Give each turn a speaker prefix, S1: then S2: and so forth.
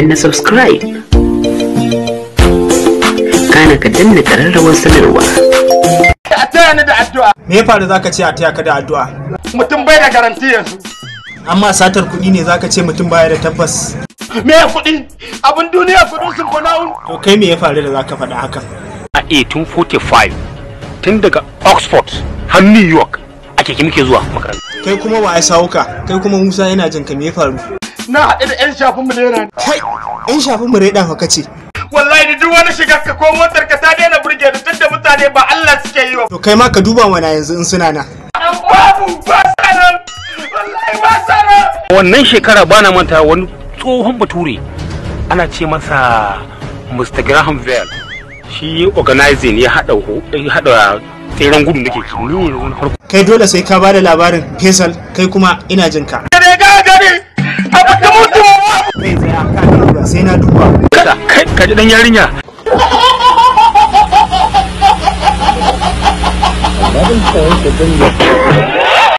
S1: danna subscribe kana ka danna kararrawar sanarwa a taya ni da addu'a me ya faru zaka ce a taya ka da addu'a mutum bai da garanti yanzu amma satar kuɗi ne zaka ce mutum baya da tabbas me ya kuɗi abin duniya kuɗin sun kwana
S2: to kai me ya faru da zaka faɗa haka a 1845 tun daga oxford har new york a keke muke zuwa makaranta
S1: kai kuma wa ya sawo kai kuma musa yana jin ka me ya faru na haɗe da yan shafin mu rera ne kai yan shafin mu rera haka ce wallahi da duk wani shiga ka ko motar ka ta daina burge da tunda mutane ba Allah suke yi ba to kai ma ka duba mana yanzu in suna na babu ba sanan wallahi ba sanan
S2: wannan shekara bana manta wani tsohon bature ana ce masa Mr. Graham Bell shi organizing ya haɗa tseren gudu nake ke
S1: kai dole sai ka bada labarin fesal kai kuma ina jinka." abu ta mutu kai tsaya ka
S2: duba sai na duba kai ka ji dan yarinya Babin tsayin da zan